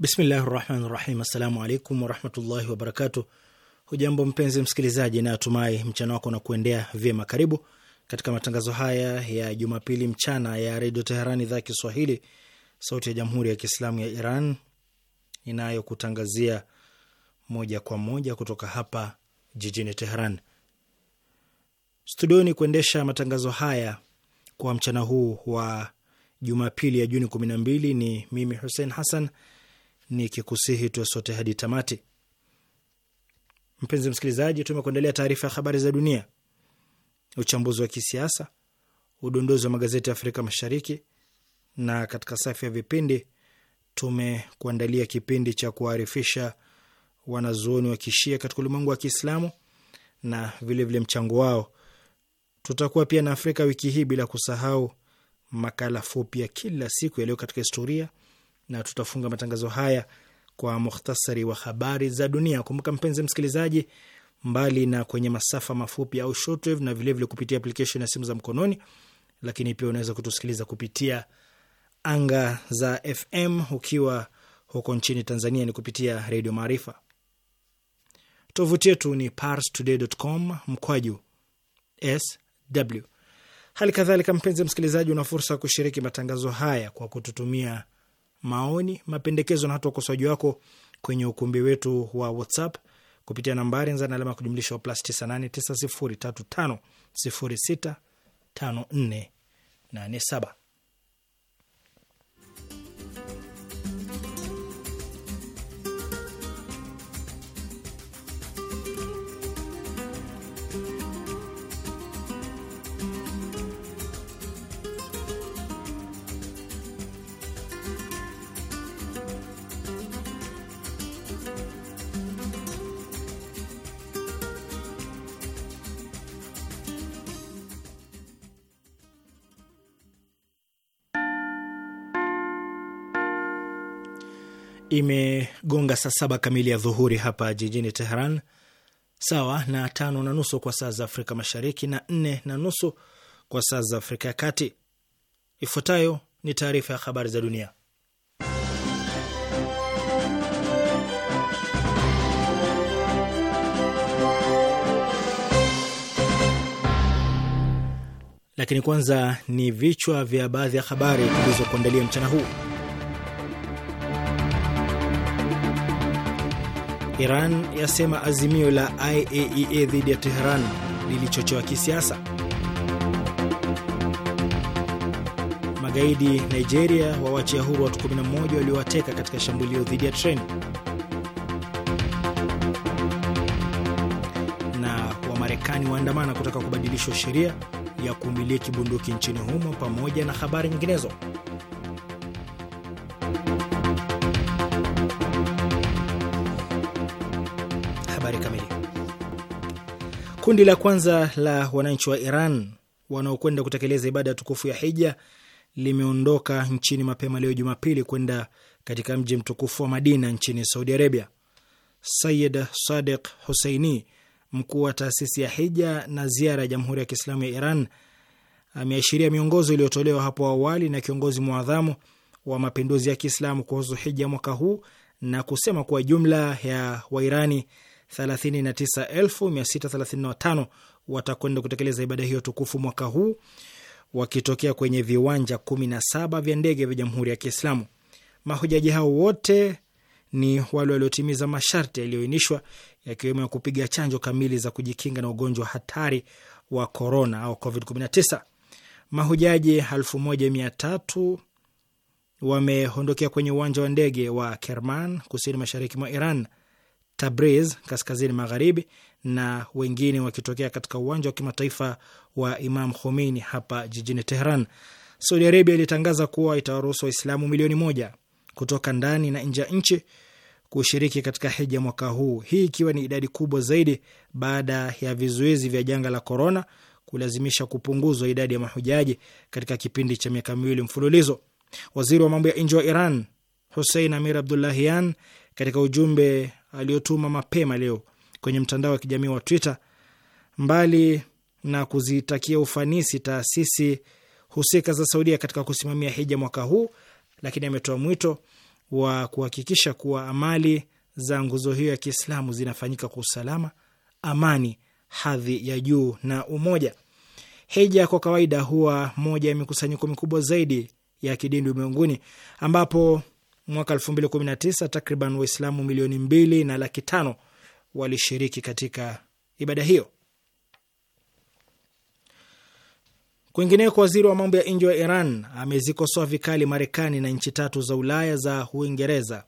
Bismillahi rahmani rahim. Assalamu alaikum warahmatullahi wabarakatu. Hujambo mpenzi msikilizaji, na mchana wako unakuendea vyema. Karibu katika matangazo haya ya Jumapili mchana ya redio Teherani, idhaa ya Kiswahili, sauti ya jamhuri ya kiislamu ya Iran inayokutangazia moja kwa moja kutoka hapa jijini Teheran. Studioni kuendesha matangazo haya kwa mchana huu wa Jumapili ya Juni mbili ni mimi Hussein Hassan nikikusihi tuwe sote hadi tamati. Mpenzi msikilizaji, tumekuendelea taarifa ya habari za dunia, uchambuzi wa kisiasa, udondozi wa magazeti ya Afrika Mashariki, na katika safu ya vipindi tumekuandalia kipindi cha kuwaarifisha wanazuoni wa kishia katika ulimwengu wa Kiislamu na vilevile mchango wao. Tutakuwa pia na Afrika wiki hii, bila kusahau makala fupi ya kila siku yaliyo katika historia na tutafunga matangazo haya kwa muhtasari wa habari za dunia. Kumbuka mpenzi msikilizaji, mbali na kwenye masafa mafupi au shortwave na vilevile vile kupitia application ya simu za mkononi, lakini pia unaweza kutusikiliza kupitia anga za FM ukiwa huko nchini Tanzania ni kupitia Redio Maarifa. Tovuti yetu ni parstoday.com mkwaju sw. Hali kadhalika, mpenzi msikilizaji, una fursa ya kushiriki matangazo haya kwa kututumia maoni, mapendekezo na hata ukosoaji wako kwenye ukumbi wetu wa WhatsApp kupitia nambari nza alama ya kujumlisha wa plus 989035065487. imegonga saa saba kamili ya dhuhuri hapa jijini Teheran, sawa na tano na nusu kwa saa za Afrika Mashariki na nne na nusu kwa saa za Afrika ya Kati. Ifuatayo ni taarifa ya habari za dunia, lakini kwanza ni vichwa vya baadhi ya habari tulizokuandalia mchana huu. Iran yasema azimio la IAEA e dhidi ya Teheran lilichochewa kisiasa. Magaidi Nigeria wawachia huru watu 11 waliowateka katika shambulio dhidi ya treni. Na Wamarekani waandamana kutaka kubadilishwa sheria ya kumiliki bunduki nchini humo, pamoja na habari nyinginezo. Kundi la kwanza la wananchi wa Iran wanaokwenda kutekeleza ibada ya tukufu ya hija limeondoka nchini mapema leo Jumapili kwenda katika mji mtukufu wa Madina nchini Saudi Arabia. Sayid Sadiq Huseini, mkuu wa taasisi ya hija na ziara ya Jamhuri ya Kiislamu ya Iran, ameashiria miongozo iliyotolewa hapo awali na kiongozi mwadhamu wa mapinduzi ya Kiislamu kuhusu hija mwaka huu na kusema kuwa jumla ya Wairani 39635 watakwenda kutekeleza ibada hiyo tukufu mwaka huu wakitokea kwenye viwanja 17 vya ndege vya Jamhuri ya Kiislamu. Mahujaji hao wote ni wale waliotimiza masharti yaliyoainishwa yakiwemo ya kupiga chanjo kamili za kujikinga na ugonjwa hatari wa korona au COVID-19. Mahujaji 1300 wameondokea kwenye uwanja wa ndege wa Kerman kusini mashariki mwa Iran Tabriz kaskazini magharibi na wengine wakitokea katika uwanja wa kimataifa wa Imam Khomeini hapa jijini Tehran. Saudi Arabia ilitangaza kuwa itawaruhusu Waislamu milioni moja kutoka ndani na nje ya nchi kushiriki katika hija mwaka huu, hii ikiwa ni idadi kubwa zaidi baada ya vizuizi vya janga la korona kulazimisha kupunguzwa idadi ya mahujaji katika kipindi cha miaka miwili mfululizo. Waziri wa mambo ya nje wa Iran Hussein Amir Abdullahian katika ujumbe aliyotuma mapema leo kwenye mtandao wa kijamii wa Twitter, mbali na kuzitakia ufanisi taasisi husika za Saudia katika kusimamia hija mwaka huu, lakini ametoa mwito wa kuhakikisha kuwa amali za nguzo hiyo ya Kiislamu zinafanyika kwa usalama, amani, hadhi ya juu na umoja. Hija kwa kawaida huwa moja ya mikusanyiko mikubwa zaidi ya kidini ulimwenguni ambapo mwaka 2019 takriban Waislamu milioni mbili na laki tano walishiriki katika ibada hiyo. Kwingineko, waziri wa mambo ya nje wa Iran amezikosoa vikali Marekani na nchi tatu za Ulaya za Uingereza,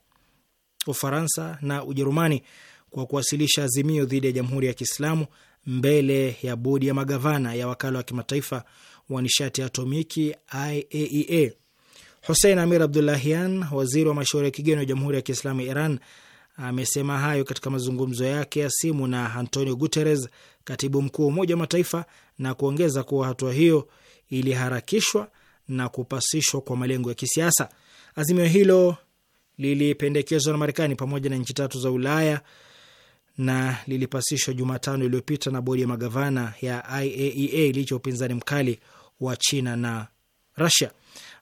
Ufaransa na Ujerumani kwa kuwasilisha azimio dhidi ya Jamhuri ya Kiislamu mbele ya bodi ya magavana ya wakala wa kimataifa wa nishati ya atomiki IAEA e husein Amir Abdullahian, waziri wa mashauri ya kigeni wa Jamhuri ya Kiislamu ya Iran, amesema hayo katika mazungumzo yake ya simu na Antonio Guterres, katibu mkuu wa Umoja wa Mataifa, na kuongeza kuwa hatua hiyo iliharakishwa na kupasishwa kwa malengo ya kisiasa. Azimio hilo lilipendekezwa na Marekani pamoja na nchi tatu za Ulaya na lilipasishwa Jumatano iliyopita na bodi ya magavana ya IAEA e licha ya upinzani mkali wa China na Rusia.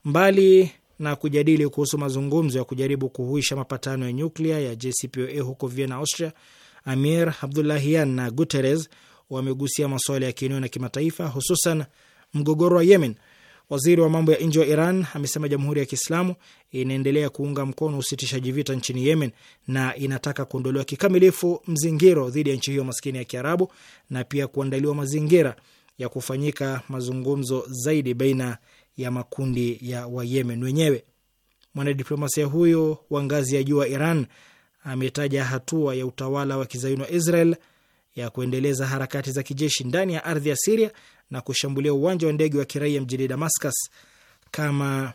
Mbali na kujadili kuhusu mazungumzo ya kujaribu kuhuisha mapatano ya nyuklia ya JCPOA huko Vienna, Austria, Amir Abdullahian na Guterres wamegusia masuala ya kieneo na kimataifa, hususan mgogoro wa Yemen. Waziri wa mambo ya nje wa Iran amesema Jamhuri ya Kiislamu inaendelea kuunga mkono usitishaji vita nchini Yemen na inataka kuondolewa kikamilifu mzingiro dhidi ya nchi hiyo maskini ya Kiarabu na pia kuandaliwa mazingira ya kufanyika mazungumzo zaidi baina ya makundi ya Wayemen wenyewe. Mwanadiplomasia huyo wa ngazi ya juu wa Iran ametaja hatua ya utawala wa kizayuni wa Israel ya kuendeleza harakati za kijeshi ndani ya ardhi ya Siria na kushambulia uwanja wa ndege wa kiraia mjini Damascus kama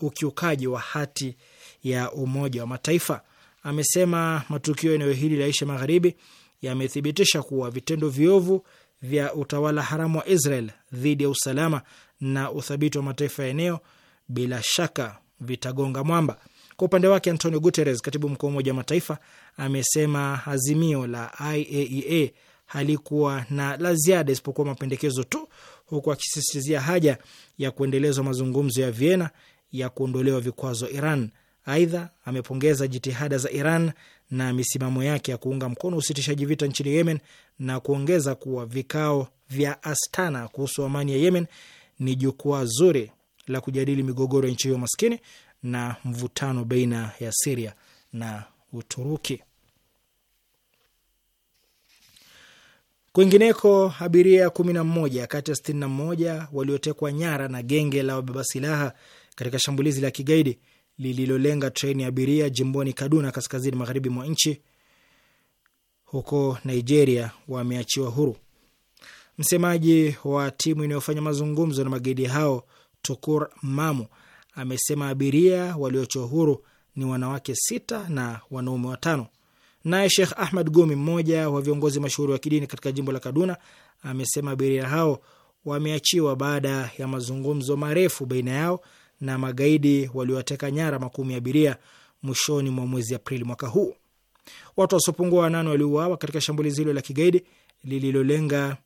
ukiukaji wa hati ya Umoja wa Mataifa. Amesema matukio eneo hili la Asia Magharibi yamethibitisha kuwa vitendo viovu vya utawala haramu wa Israel dhidi ya usalama na uthabiti wa mataifa ya eneo bila shaka vitagonga mwamba. Kwa upande wake, Antonio Guterres, katibu mkuu wa Umoja wa Mataifa, amesema azimio la IAEA e halikuwa na la ziada isipokuwa mapendekezo tu, huku akisisitizia haja ya kuendelezwa mazungumzo ya Vienna ya kuondolewa vikwazo Iran. Aidha, amepongeza jitihada za Iran na misimamo yake ya kuunga mkono usitishaji vita nchini Yemen na kuongeza kuwa vikao vya Astana kuhusu amani ya Yemen ni jukwaa zuri la kujadili migogoro ya nchi hiyo maskini na mvutano baina ya Siria na Uturuki. Kwingineko, abiria kumi na mmoja kati ya sitini na mmoja waliotekwa nyara na genge la wabeba silaha katika shambulizi la kigaidi lililolenga treni ya abiria jimboni Kaduna, kaskazini magharibi mwa nchi huko Nigeria, wameachiwa huru. Msemaji wa timu inayofanya mazungumzo na magaidi hao Tukur Mamu amesema abiria waliochwa huru ni wanawake sita na wanaume watano. Naye Shekh Ahmad Gumi, mmoja wa viongozi mashuhuri wa kidini katika jimbo la Kaduna, amesema abiria hao wameachiwa baada ya mazungumzo marefu baina yao na magaidi waliowateka nyara makumi ya abiria mwishoni mwa mwezi Aprili mwaka huu. Watu wasiopungua wanane waliuawa katika shambulizi hilo la kigaidi lililolenga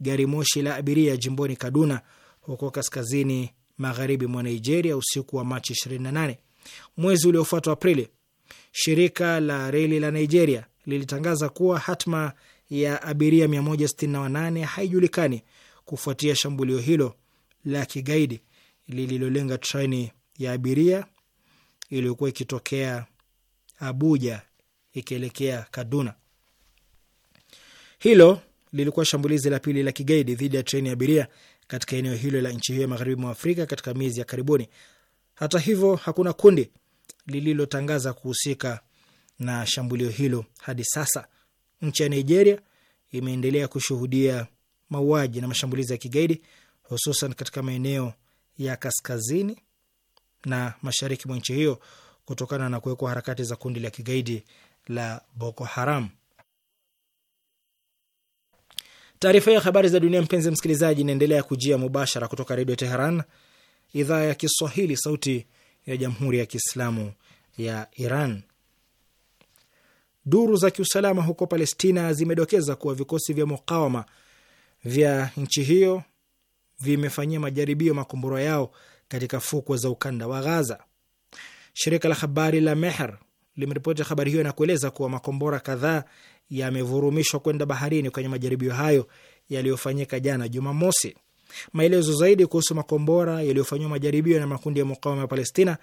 gari moshi la abiria jimboni Kaduna huko kaskazini magharibi mwa Nigeria usiku wa Machi 28. Mwezi uliofuata Aprili, shirika la reli la Nigeria lilitangaza kuwa hatma ya abiria 168 haijulikani kufuatia shambulio hilo la kigaidi lililolenga treni ya abiria iliyokuwa ikitokea Abuja ikielekea Kaduna. Hilo lilikuwa shambulizi la pili la kigaidi dhidi ya treni ya abiria katika eneo hilo la nchi hiyo ya magharibi mwa Afrika katika miezi ya karibuni. Hata hivyo, hakuna kundi lililotangaza kuhusika na shambulio hilo hadi sasa. Nchi ya Nigeria imeendelea kushuhudia mauaji na mashambulizi ya kigaidi hususan katika maeneo ya kaskazini na mashariki mwa nchi hiyo kutokana na kuwekwa harakati za kundi la kigaidi la Boko Haram. Taarifa ya habari za dunia, mpenzi msikilizaji, inaendelea kujia mubashara kutoka Redio Teheran, idhaa ya Kiswahili, sauti ya Jamhuri ya Kiislamu ya Iran. Duru za kiusalama huko Palestina zimedokeza kuwa vikosi vya mukawama vya nchi hiyo vimefanyia majaribio makombora yao katika fukwe za ukanda wa ghaza Shirika la habari la Mehr limeripoti habari hiyo na kueleza kuwa makombora kadhaa yamevurumishwa kwenda baharini kwenye majaribio hayo yaliyofanyika jana Jumamosi. Maelezo zaidi kuhusu makombora yaliyofanyiwa majaribio na makundi ya mukawama ya Palestina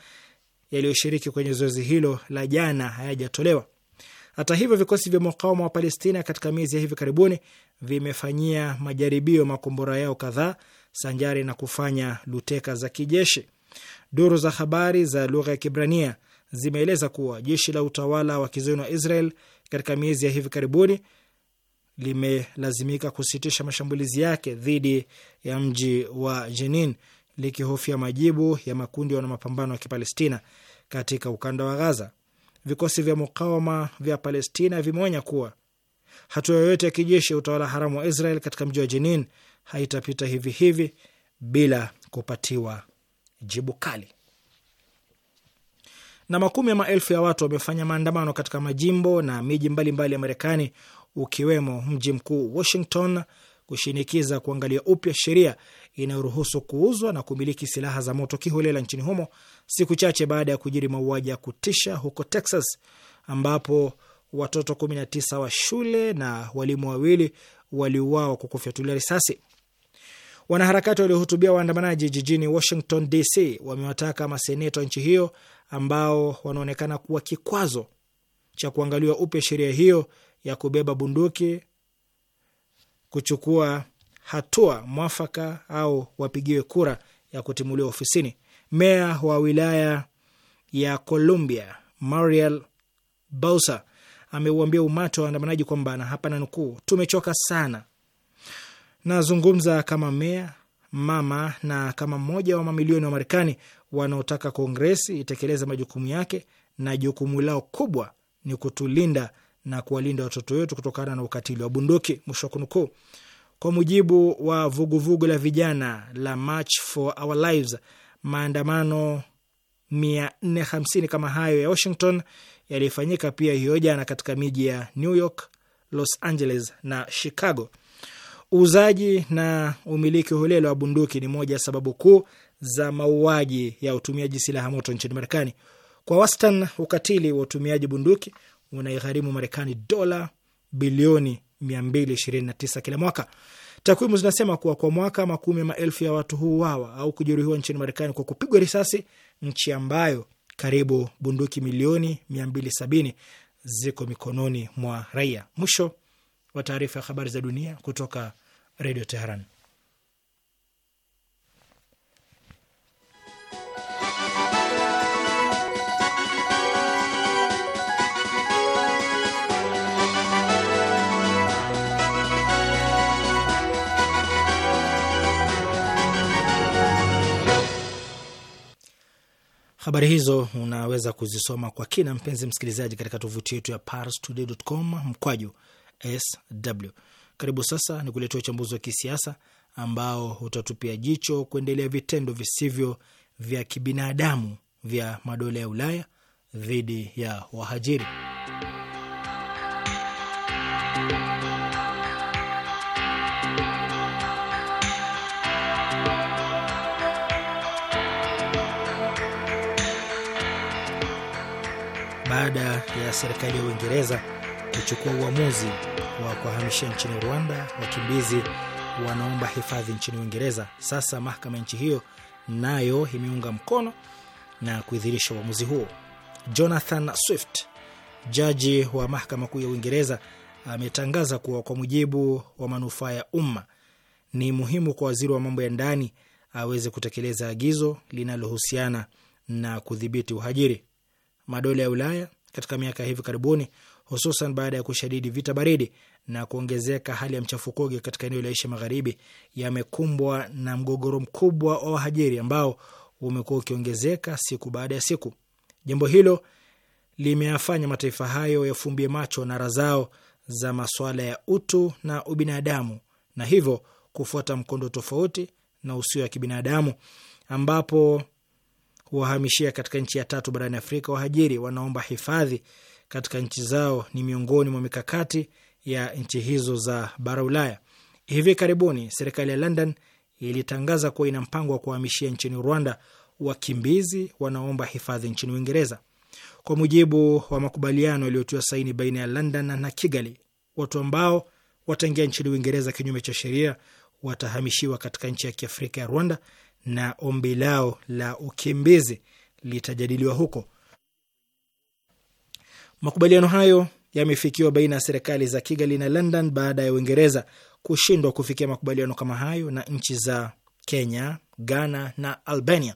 yaliyoshiriki kwenye zoezi hilo la jana hayajatolewa. Hata hivyo, vikosi vya mukawama wa Palestina katika miezi ya hivi karibuni vimefanyia majaribio makombora yao kadhaa sanjari na kufanya luteka za kijeshi. Duru za habari za lugha ya Kibrania zimeeleza kuwa jeshi la utawala wa kizayuni wa Israel katika miezi ya hivi karibuni limelazimika kusitisha mashambulizi yake dhidi ya mji wa Jenin likihofia majibu ya makundi ya wanamapambano ya Kipalestina katika ukanda wa Gaza. Vikosi vya mukawama vya Palestina vimeonya kuwa hatua yoyote ya kijeshi ya utawala haramu wa Israel katika mji wa Jenin haitapita hivi hivi bila kupatiwa jibu kali na makumi ya maelfu ya watu wamefanya maandamano katika majimbo na miji mbalimbali ya Marekani ukiwemo mji mkuu Washington kushinikiza kuangalia upya sheria inayoruhusu kuuzwa na kumiliki silaha za moto kiholela nchini humo, siku chache baada ya kujiri mauaji ya kutisha huko Texas ambapo watoto 19 wa shule na walimu wawili waliuawa kwa kufyatulia risasi. Wanaharakati waliohutubia waandamanaji jijini Washington DC wamewataka maseneta nchi hiyo ambao wanaonekana kuwa kikwazo cha kuangaliwa upya sheria hiyo ya kubeba bunduki kuchukua hatua mwafaka au wapigiwe kura ya kutimuliwa ofisini. Meya wa wilaya ya Columbia Mariel Bowser ameuambia umati wa waandamanaji kwamba, na hapa nanukuu, tumechoka sana Nazungumza kama meya mama na kama mmoja wa mamilioni wa Marekani wanaotaka Kongresi itekeleze majukumu yake, na jukumu lao kubwa ni kutulinda na kuwalinda watoto wetu kutokana na ukatili wa bunduki, mwisho wa kunukuu. Kwa mujibu wa vuguvugu vugu la vijana la March for Our Lives, maandamano 450 kama hayo ya Washington yalifanyika pia hiyo jana katika miji ya New York, Los Angeles na Chicago. Uuzaji na umiliki holela wa bunduki ni moja ya sababu kuu za mauaji ya utumiaji silaha moto nchini Marekani. Kwa wastani, ukatili wa utumiaji bunduki unaigharimu Marekani dola bilioni 229 kila mwaka. Takwimu zinasema kuwa kwa mwaka makumi ya maelfu ya watu huuawa au kujeruhiwa nchini Marekani kwa kupigwa risasi, nchi ambayo karibu bunduki milioni 270 ziko mikononi mwa raia. Mwisho wa taarifa ya habari za dunia kutoka Redio Teheran. Habari hizo unaweza kuzisoma kwa kina, mpenzi msikilizaji, katika tovuti yetu ya parstoday.com mkwaju sw karibu sasa ni kuletea uchambuzi wa kisiasa ambao utatupia jicho kuendelea vitendo visivyo vya kibinadamu vya madola ya Ulaya dhidi ya wahajiri. Baada ya serikali ya Uingereza kuchukua uamuzi wa kuwahamishia nchini Rwanda wakimbizi wanaomba hifadhi nchini Uingereza. Sasa mahakama ya nchi hiyo nayo imeunga mkono na kuidhinisha uamuzi huo. Jonathan Swift, jaji wa mahakama kuu ya Uingereza, ametangaza kuwa kwa mujibu wa manufaa ya umma ni muhimu kwa waziri wa mambo ya ndani aweze kutekeleza agizo linalohusiana na kudhibiti uhajiri. Madola ya Ulaya katika miaka ya hivi karibuni hususan baada ya kushadidi vita baridi na kuongezeka hali ya mchafukoge katika eneo la Asia Magharibi, yamekumbwa na mgogoro mkubwa wa wahajiri ambao umekuwa ukiongezeka siku baada ya siku. Jambo hilo limeyafanya mataifa hayo yafumbie macho nara zao za masuala ya utu na ubinadamu, na hivyo kufuata mkondo tofauti na usio wa kibinadamu, ambapo huwahamishia katika nchi ya tatu barani Afrika wahajiri wanaomba hifadhi katika nchi zao ni miongoni mwa mikakati ya nchi hizo za bara Ulaya. Hivi karibuni serikali ya London ilitangaza kuwa ina mpango wa kuhamishia nchini Rwanda wakimbizi wanaomba hifadhi nchini Uingereza. Kwa mujibu wa makubaliano yaliyotiwa saini baina ya London na Kigali, watu ambao wataingia nchini Uingereza kinyume cha sheria watahamishiwa katika nchi ya kiafrika ya Rwanda na ombi lao la ukimbizi litajadiliwa huko. Makubaliano hayo yamefikiwa baina ya serikali za Kigali na London baada ya Uingereza kushindwa kufikia makubaliano kama hayo na nchi za Kenya, Ghana na Albania.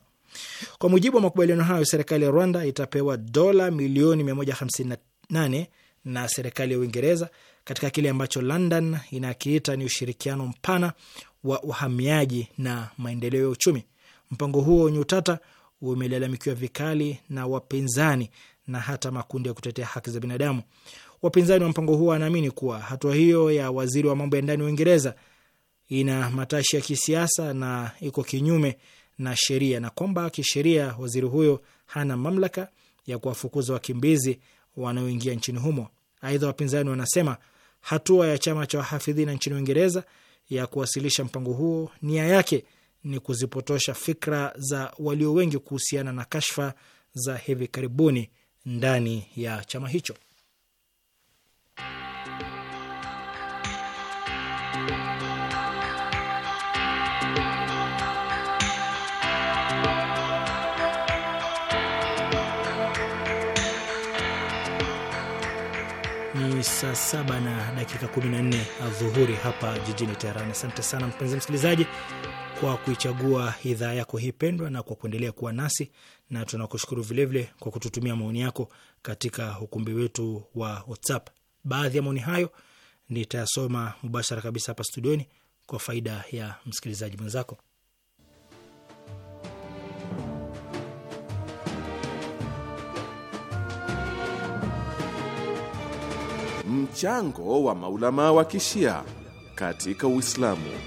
Kwa mujibu wa makubaliano hayo, serikali ya Rwanda itapewa dola milioni 158 na serikali ya Uingereza katika kile ambacho London inakiita ni ushirikiano mpana wa uhamiaji na maendeleo ya uchumi. Mpango huo wenye utata umelalamikiwa vikali na wapinzani na hata makundi ya kutetea haki za binadamu. Wapinzani wa mpango huo wanaamini kuwa hatua hiyo ya waziri wa mambo ya ndani wa Uingereza ina matashi ya kisiasa na iko kinyume na sheria, na kwamba kisheria waziri huyo hana mamlaka ya kuwafukuza wakimbizi wanaoingia nchini humo. Aidha, wapinzani wanasema hatua ya chama cha wahafidhina nchini Uingereza ya kuwasilisha mpango huo, nia yake ni kuzipotosha fikra za walio wengi kuhusiana na kashfa za hivi karibuni ndani ya chama hicho. Ni saa saba na dakika 14 adhuhuri hapa jijini Teherani. Asante sana mpenzi msikilizaji kwa kuichagua idhaa yako hii pendwa na kwa kuendelea kuwa nasi na tunakushukuru vilevile kwa kututumia maoni yako katika ukumbi wetu wa WhatsApp. Baadhi ya maoni hayo nitayasoma mubashara kabisa hapa studioni kwa faida ya msikilizaji mwenzako. Mchango wa maulama wa kishia katika Uislamu.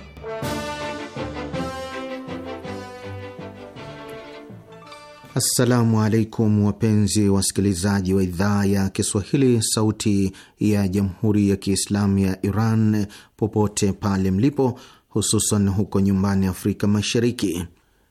Assalamu alaikum wapenzi wasikilizaji wa idhaa ya Kiswahili sauti ya jamhuri ya Kiislamu ya Iran popote pale mlipo, hususan huko nyumbani Afrika Mashariki.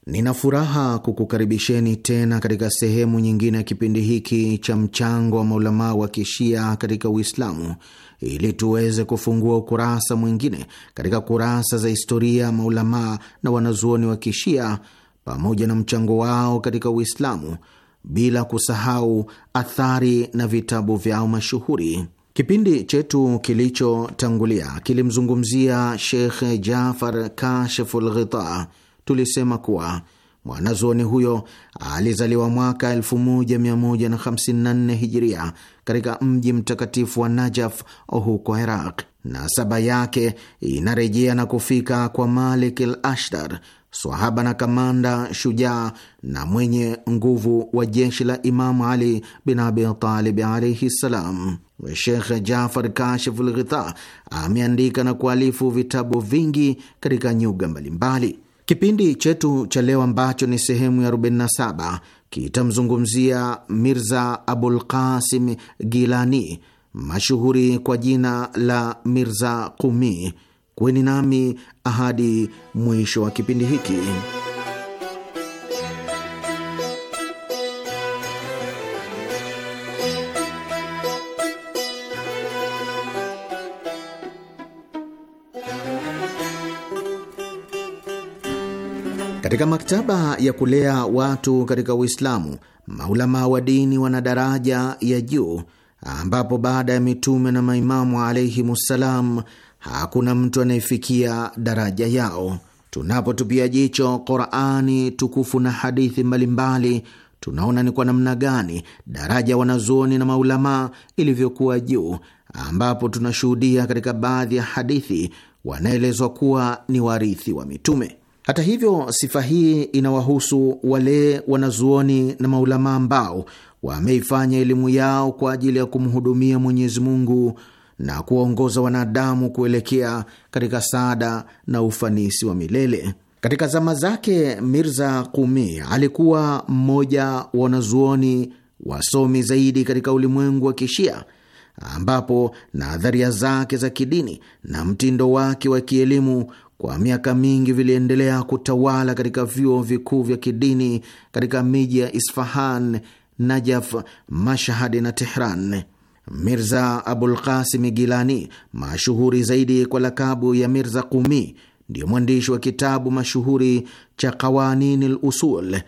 Nina furaha kukukaribisheni tena katika sehemu nyingine ya kipindi hiki cha mchango wa maulamaa wa kishia katika Uislamu, ili tuweze kufungua ukurasa mwingine katika kurasa za historia ya maulamaa na wanazuoni wa kishia pamoja na mchango wao katika Uislamu, bila kusahau athari na vitabu vyao mashuhuri. Kipindi chetu kilichotangulia kilimzungumzia Sheikh Jafar Kashful Ghita. Tulisema kuwa mwanazuoni huyo alizaliwa mwaka 1154 Hijiria katika mji mtakatifu wa Najaf huko Iraq. Nasaba yake inarejea na kufika kwa Malik al Ashtar, swahaba na kamanda shujaa na mwenye nguvu wa jeshi la Imamu Ali bin Abi Talib alaihi ssalam. Shekh Jafar Kashif Ghitha ameandika na kualifu vitabu vingi katika nyuga mbalimbali. Kipindi chetu cha leo ambacho ni sehemu ya 47 kitamzungumzia Mirza Abul Qasim Gilani, mashuhuri kwa jina la Mirza Qumi. Kweni nami hadi mwisho wa kipindi hiki. Katika maktaba ya kulea watu katika Uislamu, maulamaa wa dini wana daraja ya juu ambapo baada ya mitume na maimamu alaihimussalam hakuna mtu anayefikia daraja yao. Tunapotupia jicho Qurani tukufu na hadithi mbalimbali, tunaona ni kwa namna gani daraja wanazuoni na maulamaa ilivyokuwa juu, ambapo tunashuhudia katika baadhi ya hadithi wanaelezwa kuwa ni warithi wa mitume. Hata hivyo, sifa hii inawahusu wale wanazuoni na maulamaa ambao wameifanya elimu yao kwa ajili ya kumhudumia Mwenyezi Mungu na kuwaongoza wanadamu kuelekea katika saada na ufanisi wa milele. Katika zama zake, Mirza Qumi alikuwa mmoja wa wanazuoni wasomi zaidi katika ulimwengu wa Kishia, ambapo nadharia zake za kidini na mtindo wake wa kielimu kwa miaka mingi viliendelea kutawala katika vyuo vikuu vya kidini katika miji ya Isfahan, Najaf, Mashhad na Tehran. Mirza Abul Qasim Gilani, mashuhuri zaidi kwa lakabu ya Mirza Qumi, ndiyo mwandishi wa kitabu mashuhuri cha Qawanini Lusul,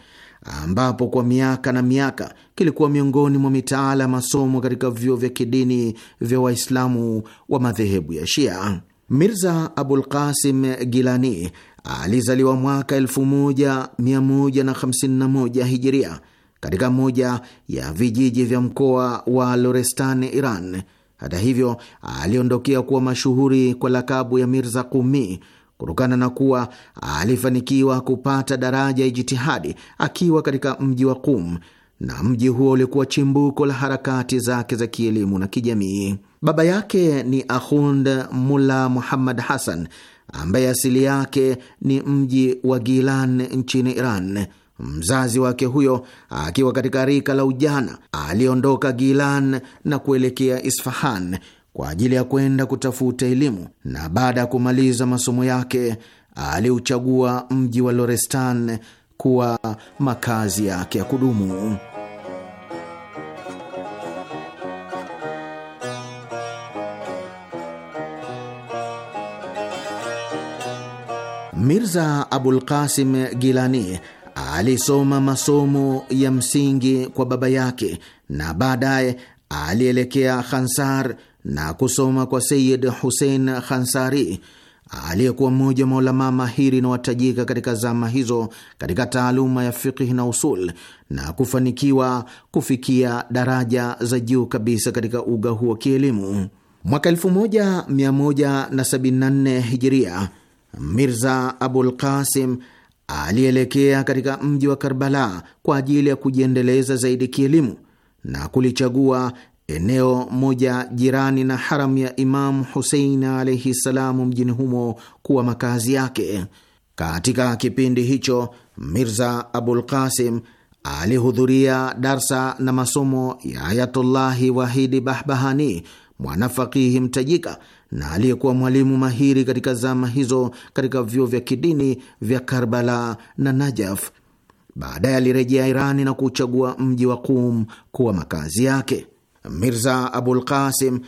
ambapo kwa miaka na miaka kilikuwa miongoni mwa mitaala ya masomo katika vyuo vya kidini vya Waislamu wa madhehebu ya Shia. Mirza Abul Qasim Gilani alizaliwa mwaka 1151 Hijiria katika moja ya vijiji vya mkoa wa Lorestan, Iran. Hata hivyo, aliondokea kuwa mashuhuri kwa lakabu ya Mirza Qumi kutokana na kuwa alifanikiwa kupata daraja ya ijtihadi akiwa katika mji wa Qum, na mji huo ulikuwa chimbuko la harakati zake za kielimu na kijamii. Baba yake ni Ahund Mulla Muhammad Hassan ambaye asili yake ni mji wa Gilan nchini Iran. Mzazi wake huyo akiwa katika rika la ujana aliondoka Gilan na kuelekea Isfahan kwa ajili ya kwenda kutafuta elimu, na baada ya kumaliza masomo yake aliuchagua mji wa Lorestan kuwa makazi yake ya kudumu. Mirza Abul Qasim Gilani alisoma masomo ya msingi kwa baba yake na baadaye alielekea Khansar na kusoma kwa Sayid Husein Khansari aliyekuwa mmoja wa maulamaa mahiri na watajika katika zama hizo katika taaluma ya fiqhi na usul na kufanikiwa kufikia daraja za juu kabisa katika uga huo kielimu. Mwaka 1174 hijiria Mirza Abul Qasim alielekea katika mji wa Karbala kwa ajili ya kujiendeleza zaidi kielimu na kulichagua eneo moja jirani na haramu ya Imamu Husein alaihi ssalamu mjini humo kuwa makazi yake. Katika kipindi hicho Mirza Abul Qasim alihudhuria darsa na masomo ya Ayatullahi Wahidi Bahbahani mwanafakihi mtajika na aliyekuwa mwalimu mahiri katika zama hizo katika vyuo vya kidini vya Karbala na Najaf. Baadaye alirejea Irani na kuchagua mji wa Qum kuwa makazi yake. Mirza Abul Qasim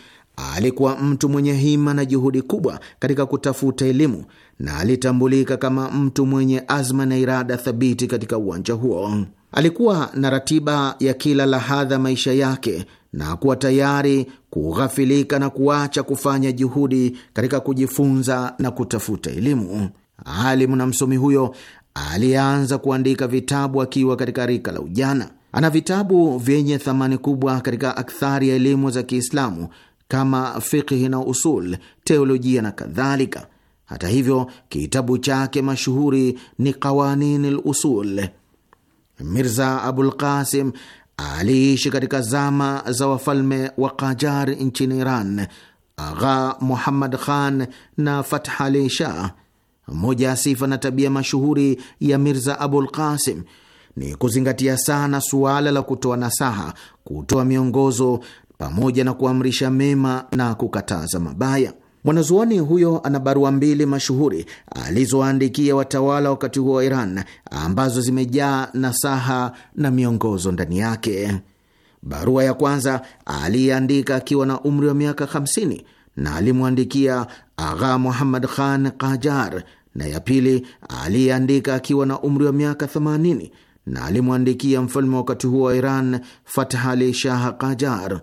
alikuwa mtu mwenye hima na juhudi kubwa katika kutafuta elimu na alitambulika kama mtu mwenye azma na irada thabiti katika uwanja huo. Alikuwa na ratiba ya kila lahadha maisha yake na kuwa tayari kughafilika na kuacha kufanya juhudi katika kujifunza na kutafuta elimu. Alimu na msomi huyo alianza kuandika vitabu akiwa katika rika la ujana. Ana vitabu vyenye thamani kubwa katika akthari ya elimu za Kiislamu kama fikhi na usul, teolojia na kadhalika. Hata hivyo, kitabu chake mashuhuri ni Qawaninil Usul. Mirza Abul Qasim aliishi katika zama za wafalme wa Qajar nchini Iran, Agha Muhammad Khan na Fath Ali Shah. Moja ya sifa na tabia mashuhuri ya Mirza Abul Qasim ni kuzingatia sana suala la kutoa nasaha, kutoa miongozo, pamoja na kuamrisha mema na kukataza mabaya. Mwanazuoni huyo ana barua mbili mashuhuri alizoandikia watawala wakati huo wa Iran, ambazo zimejaa nasaha na miongozo ndani yake. Barua ya kwanza aliyeandika akiwa na umri wa miaka 50 na alimwandikia Agha Muhammad Khan kajar na ya pili aliyeandika akiwa na umri wa miaka 80 na alimwandikia mfalme wakati huo wa Iran Fathali Shah Kajar.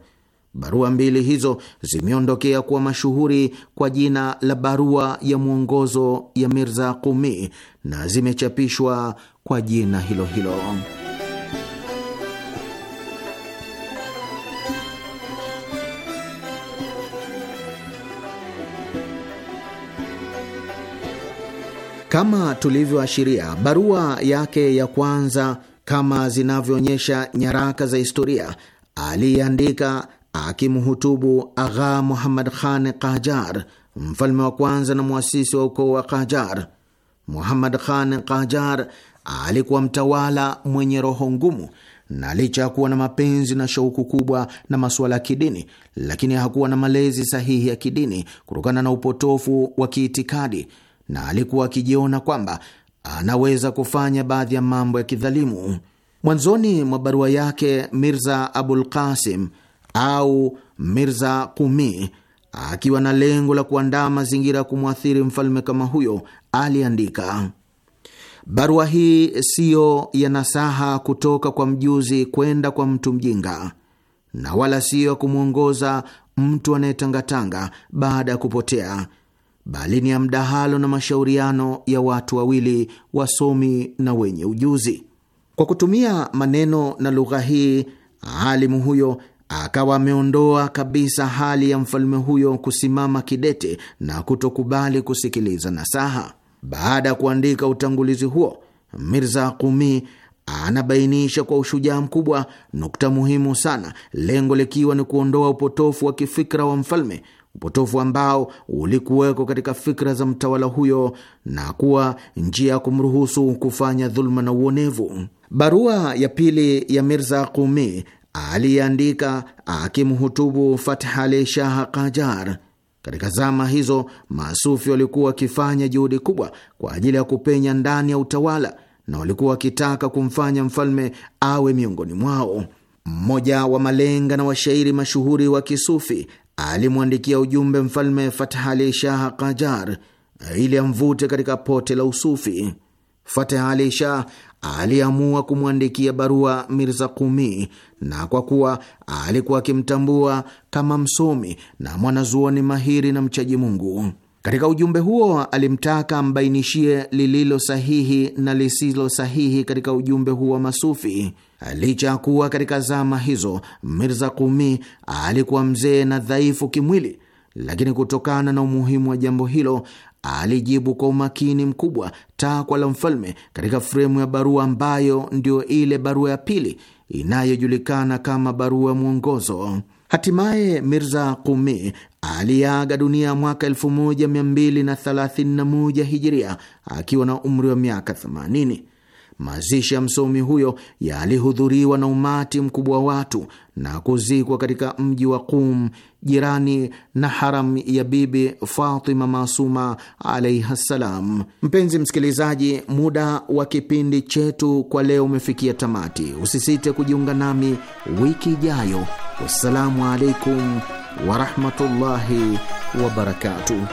Barua mbili hizo zimeondokea kuwa mashuhuri kwa jina la barua ya mwongozo ya Mirza Qumi na zimechapishwa kwa jina hilo hilo. Kama tulivyoashiria, barua yake ya kwanza, kama zinavyoonyesha nyaraka za historia, aliyeandika akimhutubu Agha Muhammad Khan Qajar, mfalme wa kwanza na mwasisi wa ukoo wa kajar Muhammad Khan kajar alikuwa mtawala mwenye roho ngumu, na licha ya kuwa na mapenzi na shauku kubwa na masuala ya kidini, lakini hakuwa na malezi sahihi ya kidini kutokana na upotofu wa kiitikadi, na alikuwa akijiona kwamba anaweza kufanya baadhi ya mambo ya kidhalimu. Mwanzoni mwa barua yake Mirza Abul Qasim au Mirza Kumi, akiwa na lengo la kuandaa mazingira ya kumwathiri mfalme kama huyo, aliandika barua hii siyo ya nasaha kutoka kwa mjuzi kwenda kwa mtu mjinga, na wala siyo ya kumwongoza mtu anayetangatanga baada ya kupotea, bali ni ya mdahalo na mashauriano ya watu wawili wasomi na wenye ujuzi. Kwa kutumia maneno na lugha hii, alimu huyo akawa ameondoa kabisa hali ya mfalme huyo kusimama kidete na kutokubali kusikiliza nasaha. Baada ya kuandika utangulizi huo, Mirza Kumi anabainisha kwa ushujaa mkubwa nukta muhimu sana, lengo likiwa ni kuondoa upotofu wa kifikra wa mfalme, upotofu ambao ulikuwekwa katika fikra za mtawala huyo na kuwa njia ya kumruhusu kufanya dhuluma na uonevu. Barua ya pili ya Mirza Kumi aliyeandika akimhutubu Fathali Shah Kajar. Katika zama hizo, masufi walikuwa wakifanya juhudi kubwa kwa ajili ya kupenya ndani ya utawala na walikuwa wakitaka kumfanya mfalme awe miongoni mwao. Mmoja wa malenga na washairi mashuhuri wa kisufi alimwandikia ujumbe mfalme Fathali Shah Kajar ili amvute katika pote la usufi. Fateh Shah aliamua kumwandikia barua Mirza Kumi, na kwa kuwa alikuwa akimtambua kama msomi na mwanazuoni mahiri na mchaji Mungu. Katika ujumbe huo alimtaka ambainishie lililo sahihi na lisilo sahihi katika ujumbe huo wa masufi. Licha ya kuwa katika zama hizo Mirza Kumi alikuwa mzee na dhaifu kimwili, lakini kutokana na umuhimu wa jambo hilo alijibu kwa umakini mkubwa takwa la mfalme katika fremu ya barua ambayo ndio ile barua ya pili inayojulikana kama barua ya mwongozo. Hatimaye Mirza Qumi aliaga dunia mwaka 1231 hijiria akiwa na umri wa miaka 80. Mazishi ya msomi huyo yalihudhuriwa na umati mkubwa wa watu na kuzikwa katika mji wa Qum, jirani na haram ya Bibi Fatima Masuma alaihi ssalam. Mpenzi msikilizaji, muda wa kipindi chetu kwa leo umefikia tamati. Usisite kujiunga nami wiki ijayo. Wassalamu alaikum warahmatullahi wabarakatuh.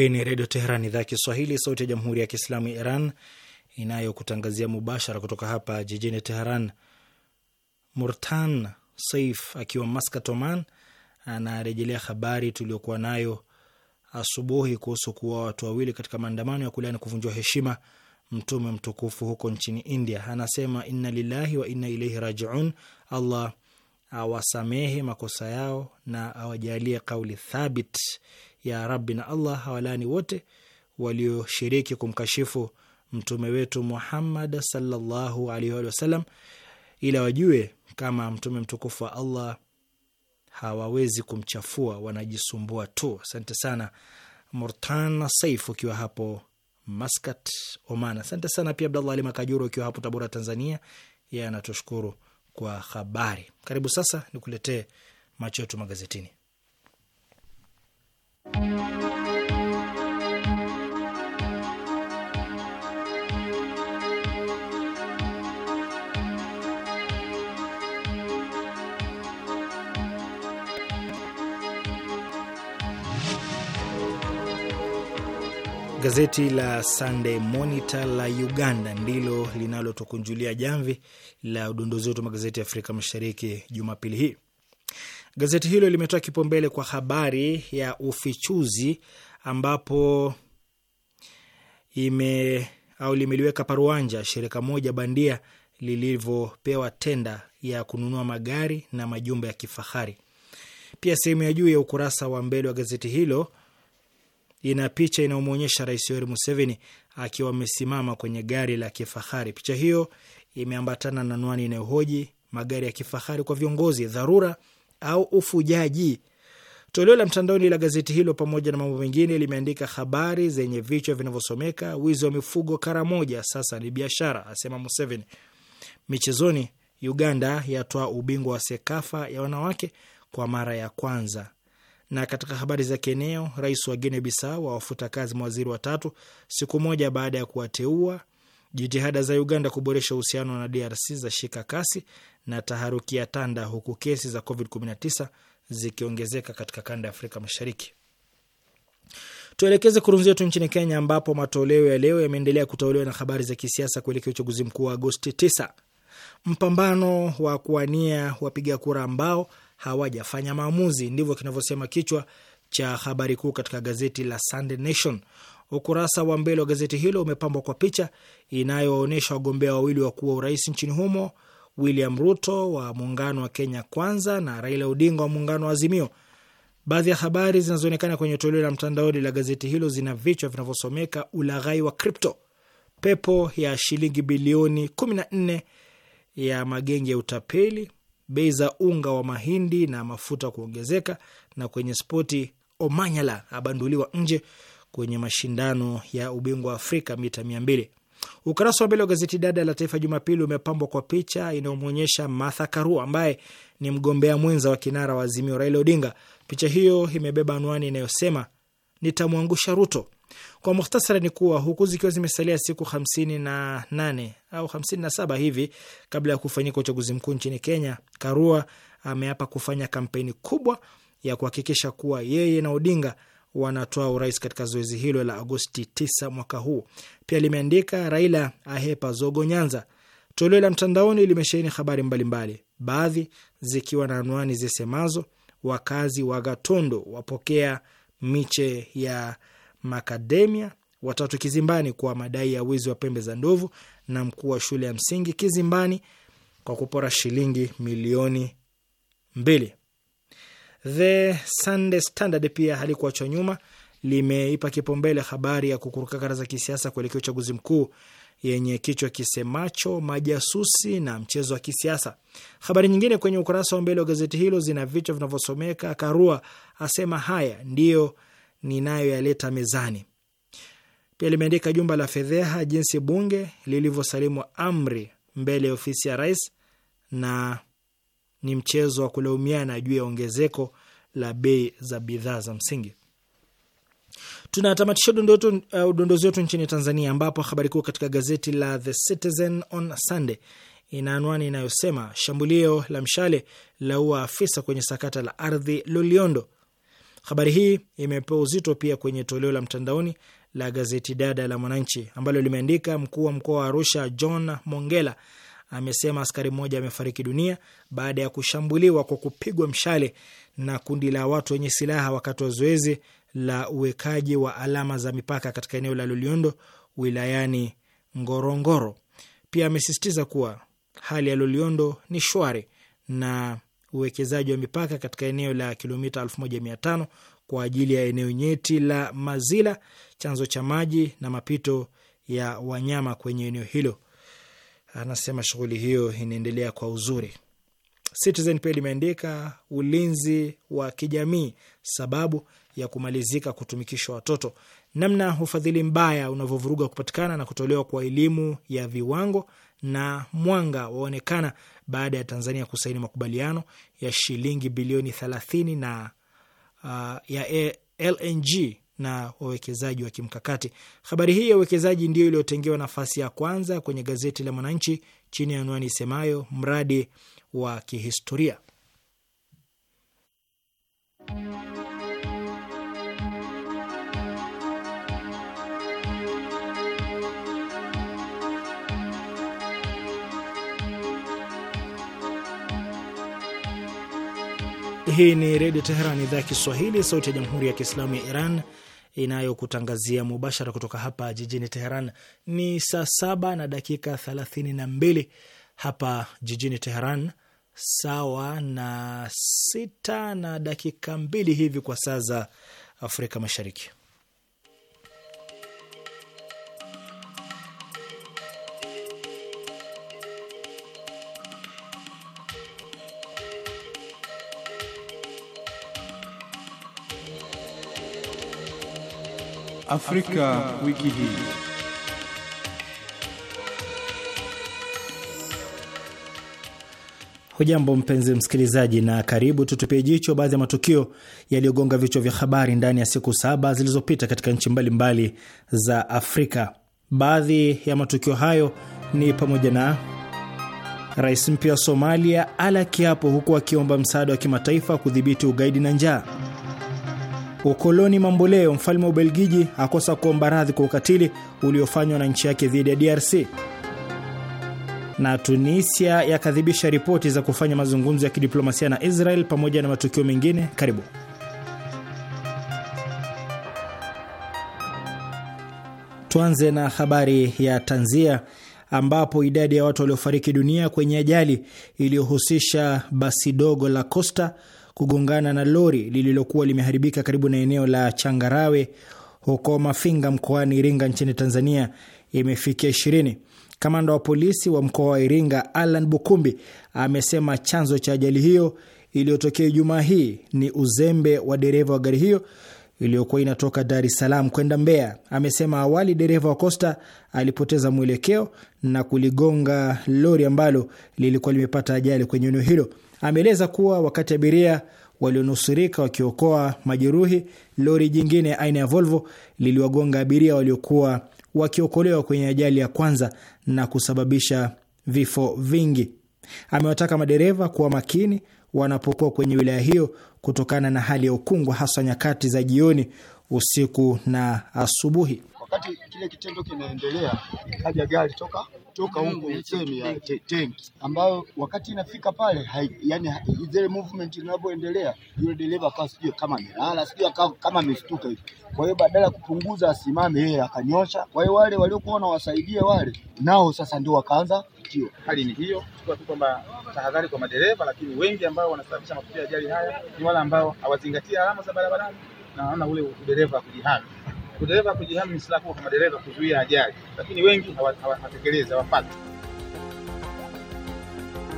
Hii ni Redio Teheran, idhaa ya Kiswahili, sauti ya Jamhuri ya Kiislamu ya Iran inayokutangazia mubashara kutoka hapa jijini Teheran. Murtan Saif akiwa Maskat, Oman, anarejelea habari tuliokuwa nayo asubuhi kuhusu kuwa watu wawili katika maandamano ya kulaani kuvunjwa heshima mtume mtukufu huko nchini India. Anasema, inna lillahi wa inna ilaihi rajiun. Allah awasamehe makosa yao na awajalie kauli thabit ya rabi na Allah hawalaani wote walioshiriki kumkashifu mtume wetu Muhammad sallallahu alaihi wa sallam, ila wajue kama mtume mtukufu wa Allah hawawezi kumchafua, wanajisumbua tu. Asante sana Murtana Saif ukiwa hapo Maskat, Oman. Asante sana pia Abdallah Ali Makajuru ukiwa hapo Tabora, Tanzania. Yeye anatushukuru kwa habari. Karibu sasa nikuletee macho yetu magazetini. Gazeti la Sunday Monitor la Uganda ndilo linalotukunjulia jamvi la udondozi wetu magazeti ya Afrika Mashariki Jumapili hii. Gazeti hilo limetoa kipaumbele kwa habari ya ufichuzi ambapo ime au limeliweka paruanja shirika moja bandia lilivyopewa tenda ya kununua magari na majumba ya kifahari. Pia sehemu ya juu ya ukurasa wa mbele wa gazeti hilo ina picha inayomwonyesha Rais Yoweri Museveni akiwa amesimama kwenye gari la kifahari. Picha hiyo imeambatana na anwani inayohoji magari ya kifahari kwa viongozi, dharura au ufujaji. Toleo la mtandaoni la gazeti hilo, pamoja na mambo mengine, limeandika habari zenye vichwa vinavyosomeka: wizi wa mifugo Karamoja sasa ni biashara, asema Museveni. Michezoni, Uganda yatoa ubingwa wa Sekafa ya wanawake kwa mara ya kwanza na katika habari za kieneo, rais wa Guinea Bissau wawafuta kazi mawaziri watatu siku moja baada ya kuwateua. Jitihada za Uganda kuboresha uhusiano na DRC za shika kasi na taharuki ya tanda, huku kesi za COVID-19 zikiongezeka katika kanda ya Afrika Mashariki. Tuelekeze kurunzi yetu nchini Kenya, ambapo matoleo ya leo yameendelea kutauliwa na habari za kisiasa kuelekea uchaguzi mkuu wa Agosti 9. Mpambano wa kuwania wapiga kura ambao hawajafanya maamuzi. Ndivyo kinavyosema kichwa cha habari kuu katika gazeti la Sunday Nation. Ukurasa wa mbele wa gazeti hilo umepambwa kwa picha inayoonyesha wagombea wawili wakuu wa urais nchini humo, William Ruto wa muungano wa Kenya Kwanza na Raila Odinga wa muungano wa Azimio. Baadhi ya habari zinazoonekana kwenye toleo la mtandaoni la gazeti hilo zina vichwa vinavyosomeka: ulaghai wa kripto, pepo ya shilingi bilioni 14 ya magenge ya utapeli, bei za unga wa mahindi na mafuta kuongezeka, na kwenye spoti Omanyala abanduliwa nje kwenye mashindano ya ubingwa wa Afrika mita mia mbili. Ukurasa wa mbele wa gazeti dada la Taifa Jumapili umepambwa kwa picha inayomwonyesha Martha Karua ambaye ni mgombea mwenza wa kinara wa Azimio Raila Odinga. Picha hiyo imebeba anwani inayosema nitamwangusha Ruto. Kwa muhtasari ni kuwa huku zikiwa zimesalia siku hamsini na nane au hamsini na saba hivi kabla ya kufanyika uchaguzi mkuu nchini Kenya, Karua ameapa kufanya kampeni kubwa ya kuhakikisha kuwa yeye na Odinga wanatoa urais katika zoezi hilo la Agosti 9 mwaka huu. Pia limeandika Raila ahepa zogo Nyanza. Toleo la mtandaoni limesheheni habari mbalimbali mbali, baadhi zikiwa na anwani zisemazo wakazi wa Gatondo wapokea miche ya Makademia watatu kizimbani kwa madai ya wizi wa pembe za ndovu, na mkuu wa shule ya msingi kizimbani kwa kupora shilingi milioni mbili. The Sunday Standard pia halikuachwa nyuma, limeipa kipaumbele habari ya kukurukakara za kisiasa kuelekea uchaguzi mkuu yenye kichwa kisemacho majasusi na mchezo wa kisiasa. Habari nyingine kwenye ukurasa wa mbele wa gazeti hilo zina vichwa vinavyosomeka Karua asema haya ndiyo ninayoyaleta mezani. Pia limeandika jumba la fedheha, jinsi bunge lilivyosalimu amri mbele ya ofisi ya rais, na ni mchezo wa kulaumiana juu ya ongezeko la bei za bidhaa za msingi. Tunatamatisha udondozi wetu uh, nchini Tanzania, ambapo habari kuu katika gazeti la The Citizen on Sunday ina anwani inayosema shambulio la mshale ua afisa kwenye sakata la ardhi Loliondo. Habari hii imepewa uzito pia kwenye toleo la mtandaoni la gazeti dada la Mwananchi ambalo limeandika mkuu wa mkoa wa Arusha John Mongela amesema askari mmoja amefariki dunia baada ya kushambuliwa kwa kupigwa mshale na kundi la watu wenye silaha wakati wa zoezi la uwekaji wa alama za mipaka katika eneo la Loliondo wilayani Ngorongoro. Pia amesisitiza kuwa hali ya Loliondo ni shwari na uwekezaji wa mipaka katika eneo la kilomita 1500 kwa ajili ya eneo nyeti la Mazila, chanzo cha maji na mapito ya wanyama kwenye eneo hilo. Anasema shughuli hiyo inaendelea kwa uzuri. Citizen pia limeandika ulinzi wa kijamii, sababu ya kumalizika kutumikishwa watoto, namna ufadhili mbaya unavyovuruga kupatikana na kutolewa kwa elimu ya viwango na mwanga waonekana baada ya Tanzania kusaini makubaliano ya shilingi bilioni thelathini na uh, ya LNG na wawekezaji wa kimkakati. Habari hii ya uwekezaji ndio iliyotengewa nafasi ya kwanza kwenye gazeti la Mwananchi chini ya anwani isemayo mradi wa kihistoria. Hii ni Redio Teheran, idhaa ya Kiswahili, sauti ya Jamhuri ya Kiislamu ya Iran inayokutangazia mubashara kutoka hapa jijini Teheran. Ni saa saba na dakika thelathini na mbili hapa jijini Teheran, sawa na sita na dakika mbili hivi kwa saa za Afrika Mashariki. Afrika, wiki hii. Hujambo mpenzi msikilizaji, na karibu tutupie jicho baadhi ya matukio yaliyogonga vichwa vya habari ndani ya siku saba zilizopita katika nchi mbalimbali za Afrika. Baadhi ya matukio hayo ni pamoja na rais mpya wa Somalia ala kiapo huku akiomba msaada wa kimataifa kudhibiti ugaidi na njaa ukoloni mamboleo, mfalme wa Ubelgiji akosa kuomba radhi kwa ukatili uliofanywa na nchi yake dhidi ya DRC, na Tunisia yakadhibisha ripoti za kufanya mazungumzo ya kidiplomasia na Israel, pamoja na matukio mengine. Karibu. Tuanze na habari ya tanzia ambapo idadi ya watu waliofariki dunia kwenye ajali iliyohusisha basi dogo la Costa kugongana na lori lililokuwa limeharibika karibu na eneo la Changarawe huko Mafinga mkoani Iringa nchini Tanzania imefikia ishirini. Kamanda wa polisi wa mkoa wa Iringa Alan Bukumbi amesema chanzo cha ajali hiyo iliyotokea Ijumaa hii ni uzembe wa dereva wa gari hiyo iliyokuwa inatoka Dar es Salaam kwenda Mbeya. Amesema awali dereva wa Costa alipoteza mwelekeo na kuligonga lori ambalo lilikuwa limepata ajali kwenye eneo hilo. Ameeleza kuwa wakati abiria walionusurika wakiokoa majeruhi, lori jingine aina ya Volvo liliwagonga abiria waliokuwa wakiokolewa kwenye ajali ya kwanza na kusababisha vifo vingi. Amewataka madereva kuwa makini wanapokuwa kwenye wilaya hiyo kutokana na hali ya ukungwa, hasa nyakati za jioni, usiku na asubuhi wakati kile kitendo kinaendelea, kaja gari toka toka huko sehemu ya tank ambayo wakati inafika pale hai, yani zile movement inavyoendelea, yule dereva kaa sijui kama amelala, sijui kama ameshtuka hivi. Kwa hiyo badala ya kupunguza asimame, yeye akanyosha. Kwa hiyo wale waliokuwa wanawasaidia wasaidie wale nao sasa ndio wakaanza tukio. Hali ni hiyo, chukua tu kwamba tahadhari kwa madereva, lakini wengi ambao wanasababisha matukio ya ajali haya ni wale ambao hawazingatia alama za barabarani na wanaona ule udereva kujihami kudereva kujihami ni silaha kubwa kwa madereva kuzuia ajali, lakini wengi hawatekelezi, hawapati.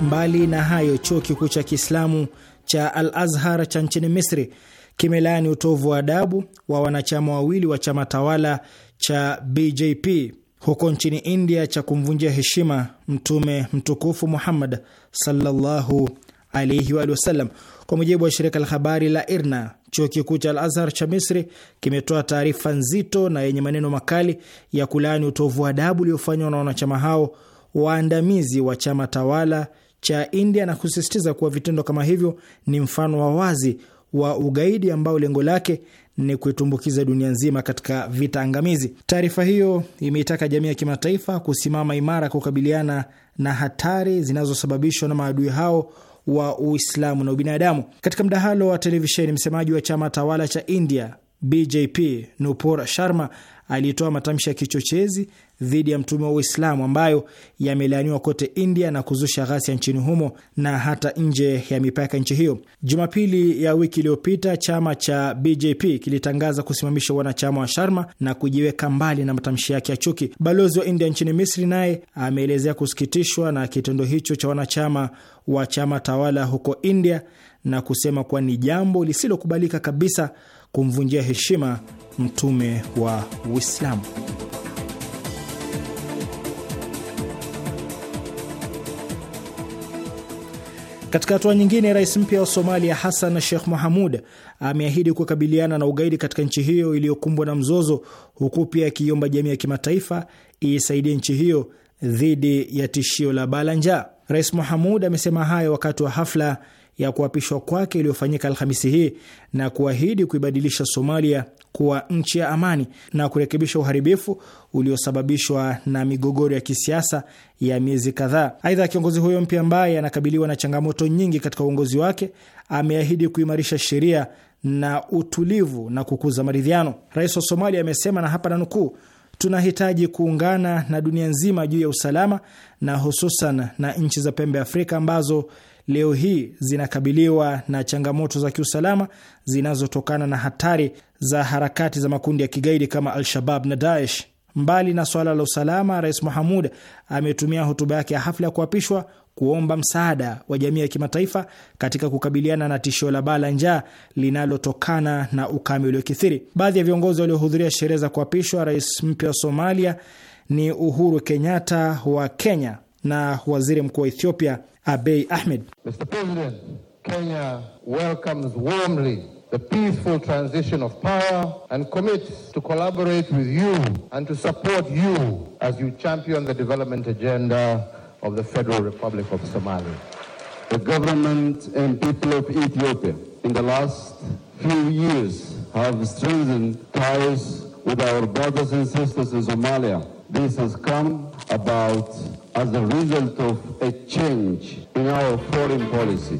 Mbali na hayo, chuo kikuu cha Kiislamu cha Al Azhar cha nchini Misri kimelaani utovu wa adabu wa wanachama wawili wa chama tawala cha BJP huko nchini India cha kumvunjia heshima Mtume mtukufu Muhammad sallallahu alaihi wa wasallam. Kwa mujibu wa shirika la habari la IRNA, Chuo kikuu cha Al Azhar cha Misri kimetoa taarifa nzito na yenye maneno makali ya kulaani utovu wa adabu uliofanywa na wanachama hao waandamizi wa chama tawala cha India na kusisitiza kuwa vitendo kama hivyo ni mfano wa wazi wa ugaidi ambao lengo lake ni kuitumbukiza dunia nzima katika vita angamizi. Taarifa hiyo imeitaka jamii ya kimataifa kusimama imara kukabiliana na hatari zinazosababishwa na maadui hao wa Uislamu na ubinadamu. Katika mdahalo wa televisheni, msemaji wa chama tawala cha India BJP Nupur Sharma alitoa matamshi ya kichochezi dhidi ya mtume wa Uislamu ambayo yamelaaniwa kote India na kuzusha ghasia nchini humo na hata nje ya mipaka nchi hiyo. Jumapili ya wiki iliyopita, chama cha BJP kilitangaza kusimamisha wanachama wa Sharma na kujiweka mbali na matamshi yake ya chuki. Balozi wa India nchini Misri naye ameelezea kusikitishwa na kitendo hicho cha wanachama wa chama tawala huko India na kusema kuwa ni jambo lisilokubalika kabisa kumvunjia heshima mtume wa Uislamu. Katika hatua nyingine, rais mpya wa Somalia Hassan Sheikh Mohamud ameahidi kukabiliana na ugaidi katika nchi hiyo iliyokumbwa na mzozo, huku pia akiiomba jamii ya kimataifa iisaidie nchi hiyo dhidi ya tishio la baa njaa. Rais Mohamud amesema hayo wakati wa hafla ya kuapishwa kwake iliyofanyika Alhamisi hii na kuahidi kuibadilisha Somalia kuwa nchi ya amani na kurekebisha uharibifu uliosababishwa na migogoro ya kisiasa ya miezi kadhaa. Aidha, kiongozi huyo mpya ambaye anakabiliwa na changamoto nyingi katika uongozi wake ameahidi kuimarisha sheria na utulivu na kukuza maridhiano. Rais wa Somalia amesema, na hapa nanukuu, tunahitaji kuungana na dunia nzima juu ya usalama na hususan na nchi za pembe Afrika ambazo leo hii zinakabiliwa na changamoto za kiusalama zinazotokana na hatari za harakati za makundi ya kigaidi kama Al-Shabab na Daesh. Mbali na swala la usalama, Rais Mahamud ametumia hotuba yake ya hafla ya kuapishwa kuomba msaada wa jamii ya kimataifa katika kukabiliana na tishio la baa la njaa linalotokana na ukame uliokithiri. Baadhi ya viongozi waliohudhuria sherehe za kuapishwa rais mpya wa Somalia ni Uhuru Kenyatta wa Kenya, na waziri mkuu wa Ethiopia Abiy Ahmed. Mr. President, Kenya welcomes warmly the peaceful transition of power and commits to collaborate with you and to support you as you champion the development agenda of the Federal Republic of Somalia. The government and people of Ethiopia in the last few years have strengthened ties with our brothers and sisters in Somalia. This has come about as a result of a change in our foreign policy.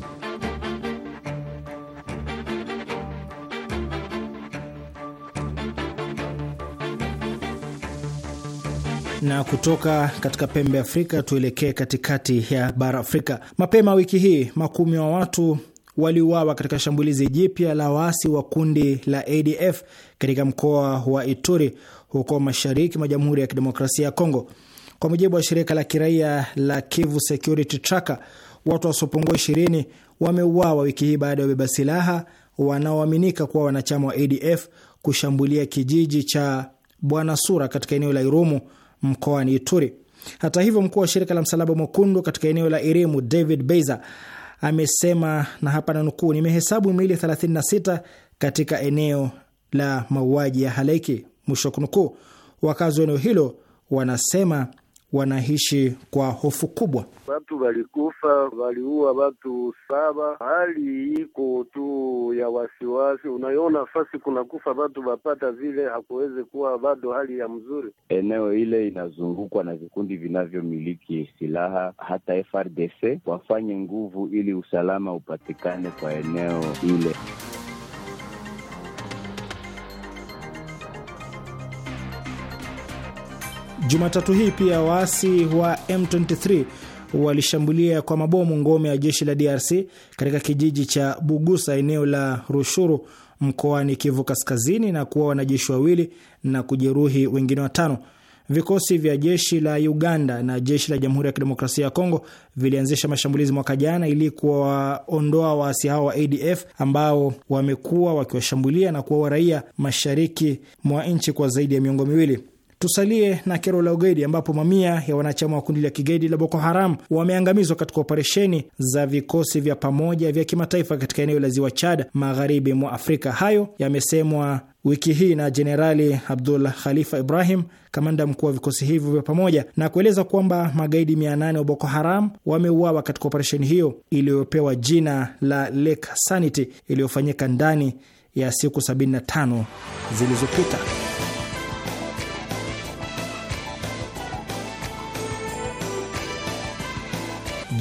Na kutoka katika pembe Afrika tuelekee katikati ya bara Afrika. Mapema wiki hii makumi wa watu waliuawa katika shambulizi jipya la waasi wa kundi la ADF katika mkoa wa Ituri huko mashariki mwa Jamhuri ya Kidemokrasia ya Kongo. Kwa mujibu wa shirika la kiraia la Kivu Security Tracker, watu wasiopungua ishirini wameuawa wiki hii baada ya wabeba silaha wanaoaminika kuwa wanachama wa ADF kushambulia kijiji cha Bwana Sura katika eneo la Irumu mkoani Ituri. Hata hivyo, mkuu wa shirika la Msalaba Mwekundu katika eneo la Irimu, David Beiza, amesema na hapa nanukuu, nimehesabu miili 36 katika eneo la mauaji ya halaiki, mwisho kunukuu. Wakazi wa eneo hilo wanasema wanaishi kwa hofu kubwa. Watu walikufa, waliua watu saba. Hali iko tu ya wasiwasi, unaiona fasi kunakufa watu wapata vile, hakuweze kuwa bado hali ya mzuri. Eneo ile inazungukwa na vikundi vinavyomiliki silaha, hata FRDC wafanye nguvu ili usalama upatikane kwa eneo ile. Jumatatu hii pia waasi wa M23 walishambulia kwa mabomu ngome ya jeshi la DRC katika kijiji cha Bugusa eneo la Rushuru mkoani Kivu Kaskazini na kuwa wanajeshi wawili na kujeruhi wengine watano. Vikosi vya jeshi la Uganda na jeshi la Jamhuri ya Kidemokrasia ya Kongo vilianzisha mashambulizi mwaka jana ili kuwaondoa waasi hao wa ADF ambao wamekuwa wakiwashambulia na kuwaua raia mashariki mwa nchi kwa zaidi ya miongo miwili. Tusalie na kero la ugaidi ambapo mamia ya wanachama wa kundi la kigaidi la Boko Haram wameangamizwa katika operesheni za vikosi vya pamoja vya kimataifa katika eneo la ziwa Chad, magharibi mwa Afrika. Hayo yamesemwa wiki hii na Jenerali Abdul Khalifa Ibrahim, kamanda mkuu wa vikosi hivyo vya pamoja, na kueleza kwamba magaidi 800 wa Boko Haram wameuawa katika operesheni hiyo iliyopewa jina la Lake Sanity iliyofanyika ndani ya siku 75 zilizopita.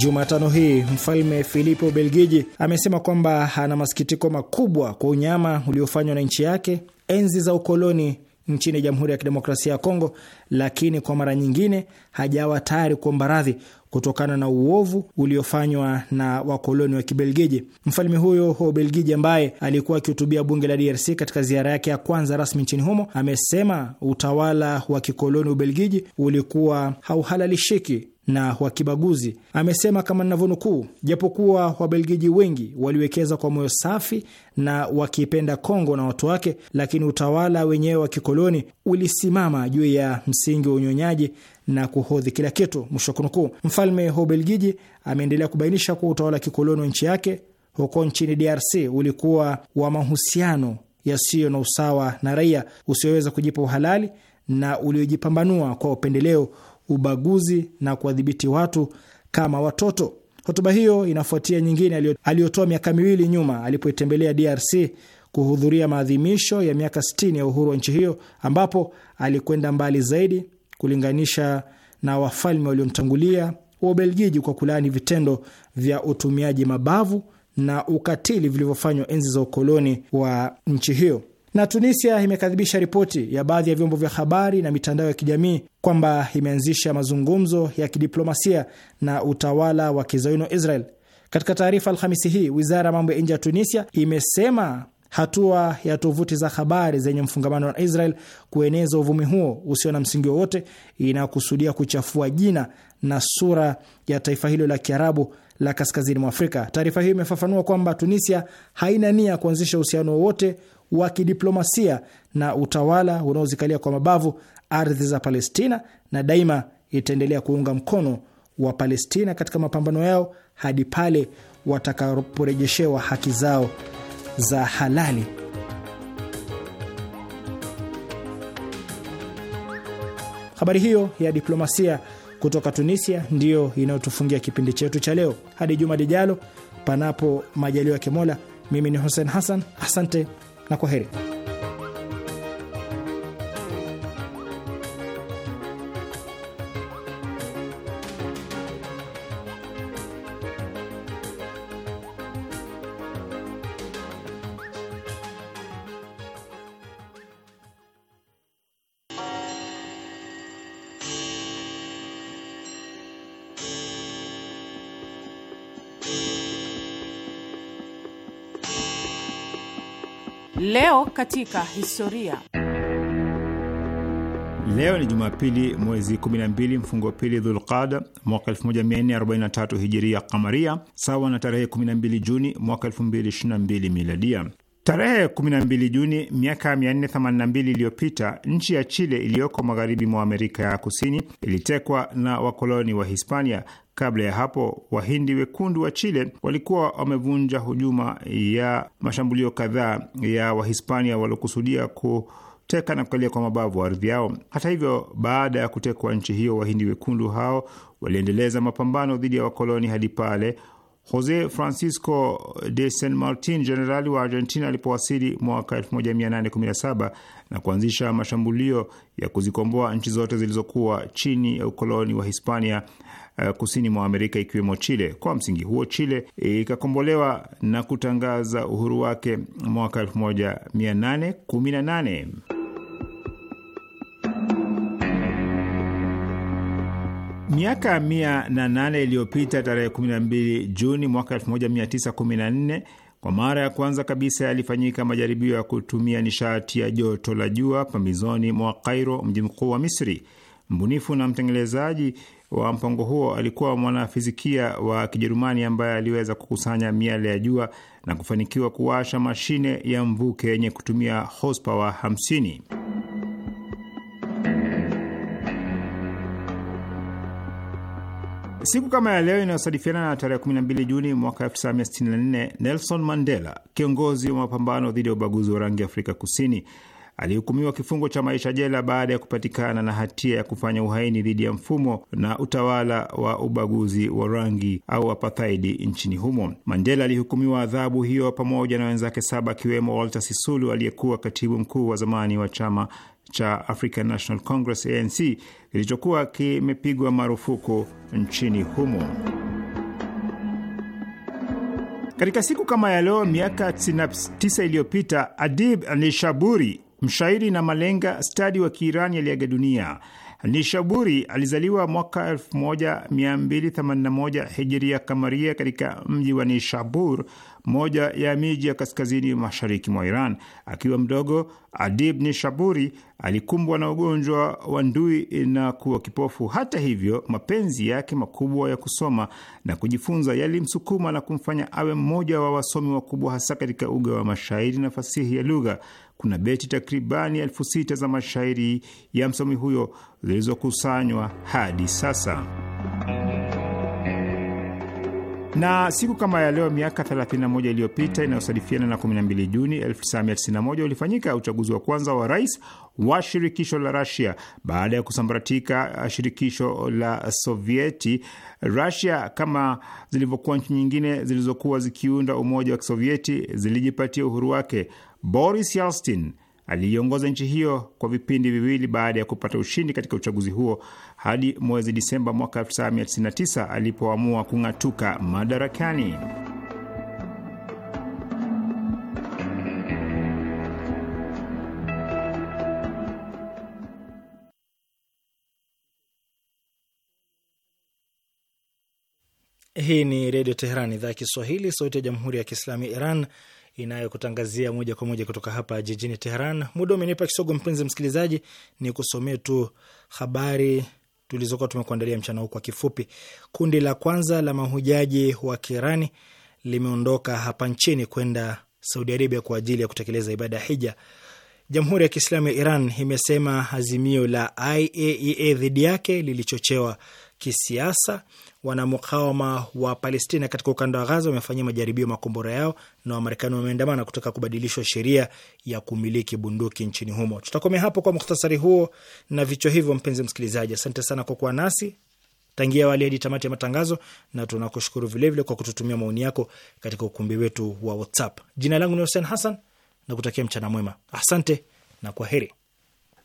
Jumatano hii Mfalme Filipo Belgiji amesema kwamba ana masikitiko makubwa kwa unyama uliofanywa na nchi yake enzi za ukoloni nchini Jamhuri ya Kidemokrasia ya Kongo, lakini kwa mara nyingine hajawa tayari kuomba radhi kutokana na uovu uliofanywa na wakoloni wa Kibelgiji. Mfalme huyo wa Ubelgiji, ambaye alikuwa akihutubia bunge la DRC katika ziara yake ya kwanza rasmi nchini humo, amesema utawala wa kikoloni Ubelgiji ulikuwa hauhalalishiki na wakibaguzi. Amesema kama ninavyonukuu, japokuwa Wabelgiji wengi waliwekeza kwa moyo safi na wakipenda Kongo na watu wake, lakini utawala wenyewe wa kikoloni ulisimama juu ya msingi wa unyonyaji na kuhodhi kila kitu, mwisho kunukuu. Mfalme wa Ubelgiji ameendelea kubainisha kuwa utawala wa kikoloni wa nchi yake huko nchini DRC ulikuwa wa mahusiano yasiyo na usawa na raia, usioweza kujipa uhalali na uliojipambanua kwa upendeleo ubaguzi na kuwadhibiti watu kama watoto. Hotuba hiyo inafuatia nyingine aliyotoa miaka miwili nyuma alipoitembelea DRC kuhudhuria maadhimisho ya miaka 60 ya uhuru wa nchi hiyo, ambapo alikwenda mbali zaidi kulinganisha na wafalme waliomtangulia wa Ubelgiji kwa kulaani vitendo vya utumiaji mabavu na ukatili vilivyofanywa enzi za ukoloni wa nchi hiyo. Na Tunisia imekadhibisha ripoti ya baadhi ya vyombo vya habari na mitandao ya kijamii kwamba imeanzisha mazungumzo ya kidiplomasia na utawala wa kizayuni Israel. Katika taarifa Alhamisi hii, wizara ya mambo ya nje ya Tunisia imesema hatua ya tovuti za habari zenye mfungamano na Israel kueneza uvumi huo usio na msingi wowote inakusudia kuchafua jina na sura ya taifa hilo la Kiarabu la kaskazini mwa Afrika. Taarifa hiyo imefafanua kwamba Tunisia haina nia ya kuanzisha uhusiano wowote wa kidiplomasia na utawala unaozikalia kwa mabavu ardhi za Palestina na daima itaendelea kuunga mkono wa Palestina katika mapambano yao hadi pale watakaporejeshewa haki zao za halali. Habari hiyo ya diplomasia kutoka Tunisia ndiyo inayotufungia kipindi chetu cha leo. Hadi juma lijalo, panapo majalio ya Kimola, mimi ni Hussein Hassan, asante na correria. Leo katika historia. Leo ni Jumapili, mwezi 12 mfungo pili Dhulqada mwaka 1443 hijiria kamaria, sawa na tarehe 12 Juni mwaka 2022 miladia. Tarehe 12 Juni miaka 482 iliyopita nchi ya Chile iliyoko magharibi mwa Amerika ya Kusini ilitekwa na wakoloni wa Hispania. Kabla ya hapo, wahindi wekundu wa Chile walikuwa wamevunja hujuma ya mashambulio kadhaa ya Wahispania waliokusudia kuteka na kukalia kwa mabavu ardhi yao. Hata hivyo, baada ya kutekwa nchi hiyo, wahindi wekundu hao waliendeleza mapambano dhidi ya wakoloni hadi pale Jose Francisco de San Martin, jenerali wa Argentina, alipowasili mwaka 1817 na kuanzisha mashambulio ya kuzikomboa nchi zote zilizokuwa chini ya ukoloni wa Hispania eh, kusini mwa Amerika ikiwemo Chile. Kwa msingi huo, Chile eh, ikakombolewa na kutangaza uhuru wake mwaka 1818. Miaka mia na nane iliyopita tarehe 12 Juni mwaka 1914 kwa mara ya kwanza kabisa yalifanyika majaribio ya kutumia nishati ya joto la jua pambizoni mwa Kairo, mji mkuu wa Misri. Mbunifu na mtengenezaji wa mpango huo alikuwa mwanafizikia wa Kijerumani ambaye aliweza kukusanya miale ya jua na kufanikiwa kuwasha mashine ya mvuke yenye kutumia horsepower 50. Siku kama ya leo inayosadifiana na tarehe 12 Juni mwaka 1964, Nelson Mandela, kiongozi wa mapambano dhidi ya ubaguzi wa rangi Afrika Kusini, alihukumiwa kifungo cha maisha jela baada ya kupatikana na hatia ya kufanya uhaini dhidi ya mfumo na utawala wa ubaguzi wa rangi au apathaidi nchini humo. Mandela alihukumiwa adhabu hiyo pamoja na wenzake saba akiwemo Walter Sisulu aliyekuwa katibu mkuu wa zamani wa chama cha African National Congress ANC kilichokuwa kimepigwa marufuku nchini humo. Katika siku kama ya leo miaka 99 iliyopita Adib Nishaburi, mshairi na malenga stadi wa Kiirani aliaga dunia. Nishaburi alizaliwa mwaka 1281 hijiria kamaria katika mji wa Nishabur moja ya miji ya kaskazini mashariki mwa Iran. Akiwa mdogo, Adib Nishaburi alikumbwa na ugonjwa wa ndui na kuwa kipofu. Hata hivyo, mapenzi yake makubwa ya kusoma na kujifunza yalimsukuma na kumfanya awe mmoja wa wasomi wakubwa, hasa katika uga wa mashairi na fasihi ya lugha. Kuna beti takribani elfu sita za mashairi ya msomi huyo zilizokusanywa hadi sasa na siku kama ya leo miaka 31 iliyopita inayosadifiana na 12 Juni 1991 ulifanyika uchaguzi wa kwanza wa rais wa shirikisho la Rasia baada ya kusambaratika uh, shirikisho la Sovieti. Rasia, kama zilivyokuwa nchi nyingine zilizokuwa zikiunda umoja wa Kisovieti, zilijipatia uhuru wake. Boris Yeltsin aliiongoza nchi hiyo kwa vipindi viwili baada ya kupata ushindi katika uchaguzi huo hadi mwezi Disemba mwaka 1999 alipoamua kung'atuka madarakani. Hii ni Redio Teheran, idhaa ya Kiswahili, sauti ya Jamhuri ya Kiislamu ya Iran inayokutangazia moja kwa moja kutoka hapa jijini Teheran. Muda umenipa kisogo, mpenzi msikilizaji, ni kusomee tu habari tulizokuwa tumekuandalia mchana huu kwa kifupi. Kundi la kwanza la mahujaji wa Kirani limeondoka hapa nchini kwenda Saudi Arabia kwa ajili ya kutekeleza ibada ya hija. Jamhuri ya Kiislamu ya Iran imesema azimio la IAEA e dhidi yake lilichochewa kisiasa. Wanamukawama wa Palestina katika ukanda wa Gaza wamefanyia majaribio makombora yao, na Wamarekani wameandamana kutaka kubadilishwa sheria ya kumiliki bunduki nchini humo. Tutakomea hapo kwa muhtasari huo na vichwa hivyo, mpenzi msikilizaji. Asante sana kwa kuwa nasi tangia awali hadi tamati ya matangazo, na tunakushukuru vilevile kwa kututumia maoni yako katika ukumbi wetu wa WhatsApp. Jina langu ni Hussein Hassan na kutakia mchana mwema. Asante na kwa heri.